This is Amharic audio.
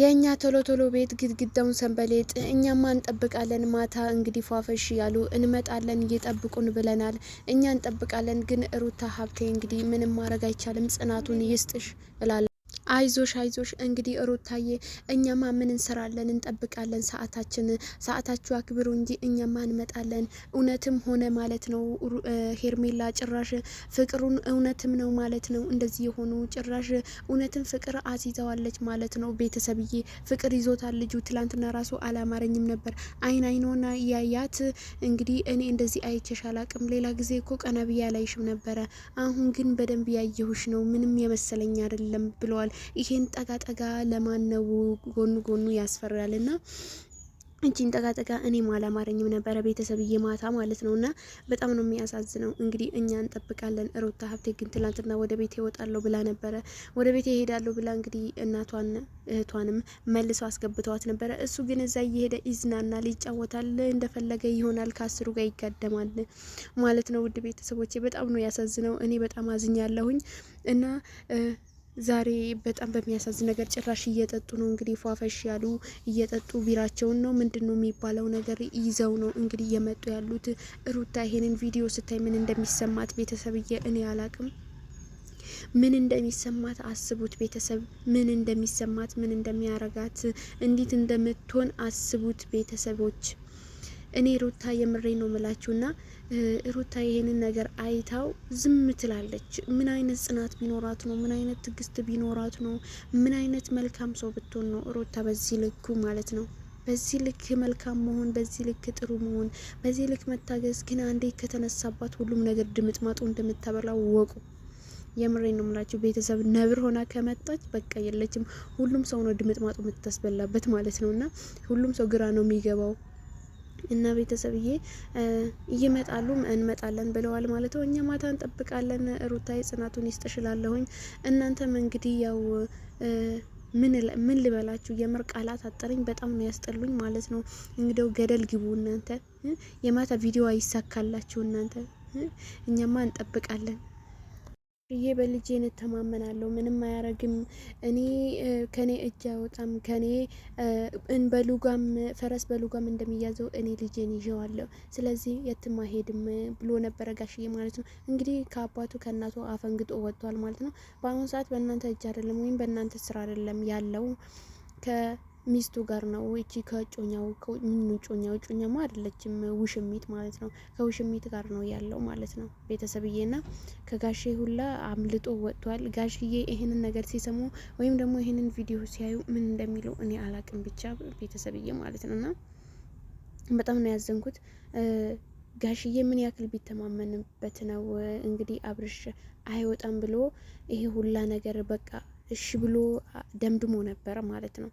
የእኛ ቶሎ ቶሎ ቤት ግድግዳውን ሰንበሌጥ፣ እኛማ እንጠብቃለን። ማታ እንግዲህ ፏፈሽ ያሉ እንመጣለን፣ እየጠብቁን ብለናል። እኛ እንጠብቃለን። ግን ሩታ ሀብቴ እንግዲህ ምንም ማድረግ አይቻልም። ጽናቱን ይስጥሽ እላለሁ። አይዞሽ አይዞሽ። እንግዲህ ሩታዬ እኛማ ምን እንሰራለን? እንጠብቃለን ሰዓታችን። ሰዓታችሁ አክብሩ እንጂ እኛማ እንመጣለን። እውነትም ሆነ ማለት ነው ሄርሜላ። ጭራሽ ፍቅሩን እውነትም ነው ማለት ነው እንደዚህ የሆኑ ጭራሽ እውነትም ፍቅር አስይዘዋለች ማለት ነው። ቤተሰብዬ ፍቅር ይዞታል ልጁ። ትላንትና ራሱ አላማረኝም ነበር አይን አይኖና ያያት እንግዲህ እኔ እንደዚህ አይቼሽ አላቅም። ሌላ ጊዜ እኮ ቀና ብዬ አላይሽም ነበረ። አሁን ግን በደንብ ያየሁሽ ነው ምንም የመሰለኝ አይደለም ብለዋል። ይሄን ጠጋጠጋ ለማነው ጎኑ ጎኑ ያስፈራልና እቺን ጠጋጠጋ እኔም አላማረኝም ነበረ ቤተሰብዬ ማታ ማለት ነው። እና በጣም ነው የሚያሳዝነው። እንግዲህ እኛ እንጠብቃለን። ሩታ ሀብቴ ግን ትላንትና ወደ ቤት ይወጣለሁ ብላ ነበረ። ወደ ቤት ይሄዳለሁ ብላ እንግዲህ እናቷን እህቷንም መልሶ አስገብተዋት ነበረ። እሱ ግን እዛ እየሄደ ይዝናናል፣ ይጫወታል፣ እንደፈለገ ይሆናል፣ ከአስሩ ጋር ይጋደማል ማለት ነው። ውድ ቤተሰቦቼ በጣም ነው ያሳዝነው። እኔ በጣም አዝኛለሁኝ እና ዛሬ በጣም በሚያሳዝን ነገር ጭራሽ እየጠጡ ነው እንግዲህ ፏፈሽ ያሉ እየጠጡ ቢራቸውን ነው ምንድን ነው የሚባለው ነገር ይዘው ነው እንግዲህ እየመጡ ያሉት። ሩታ ይሄንን ቪዲዮ ስታይ ምን እንደሚሰማት ቤተሰብዬ እኔ አላቅም። ምን እንደሚሰማት አስቡት ቤተሰብ፣ ምን እንደሚሰማት ምን እንደሚያረጋት እንዴት እንደምትሆን አስቡት ቤተሰቦች። እኔ ሩታ የምሬ ነው ምላችሁና ሩታ ይሄንን ነገር አይታው ዝም ትላለች። ምን አይነት ጽናት ቢኖራት ነው? ምን አይነት ትግስት ቢኖራት ነው? ምን አይነት መልካም ሰው ብትሆን ነው ሩታ በዚህ ልኩ ማለት ነው? በዚህ ልክ መልካም መሆን፣ በዚህ ልክ ጥሩ መሆን፣ በዚህ ልክ መታገዝ። ግን አንዴ ከተነሳባት ሁሉም ነገር ድምጥማጡ እንደምታበላው ወቁ። የምሬ ነው ምላችሁ ቤተሰብ ነብር ሆና ከመጣች በቃ የለችም። ሁሉም ሰው ነው ድምጥማጡ የምታስበላበት ማለት ነውና ሁሉም ሰው ግራ ነው የሚገባው። እና ቤተሰብዬ ይመጣሉ እንመጣለን ብለዋል ማለት ነው። እኛ ማታ እንጠብቃለን። ሩታይ ጽናቱን ይስጥሽላለሁኝ። እናንተም እንግዲህ ያው ምን ልበላችሁ የምር ቃላት አጠረኝ። በጣም ነው ያስጠሉኝ ማለት ነው። እንግዲው ገደል ግቡ እናንተ። የማታ ቪዲዮ አይሳካላችሁ እናንተ። እኛማ እንጠብቃለን። ብዬ በልጄ እንተማመናለሁ። ምንም አያረግም። እኔ ከኔ እጅ አይወጣም። ከኔ በሉጋም ፈረስ በሉጋም እንደሚያዘው እኔ ልጄን ይዤዋለሁ። ስለዚህ የትም አይሄድም ብሎ ነበረ ጋሽዬ ማለት ነው። እንግዲህ ከአባቱ ከእናቱ አፈንግጦ ወጥቷል ማለት ነው። በአሁኑ ሰዓት በእናንተ እጅ አይደለም ወይም በእናንተ ስራ አይደለም ያለው ከ ሚስቱ ጋር ነው። እቺ ከጮኛው ምን ጮኛው እጮኛማ አይደለችም ውሽሚት ማለት ነው። ከውሽሚት ጋር ነው ያለው ማለት ነው። ቤተሰብዬና ከጋሼ ሁላ አምልጦ ወጥቷል። ጋሽዬ ይሄንን ነገር ሲሰሙ ወይም ደግሞ ይሄንን ቪዲዮ ሲያዩ ምን እንደሚለው እኔ አላቅም፣ ብቻ ቤተሰብዬ ማለት ነውና በጣም ነው ያዘንኩት። ጋሽዬ ምን ያክል ቢተማመንበት ነው እንግዲህ አብርሽ አይወጣም ብሎ ይሄ ሁላ ነገር በቃ እሺ ብሎ ደምድሞ ነበር ማለት ነው።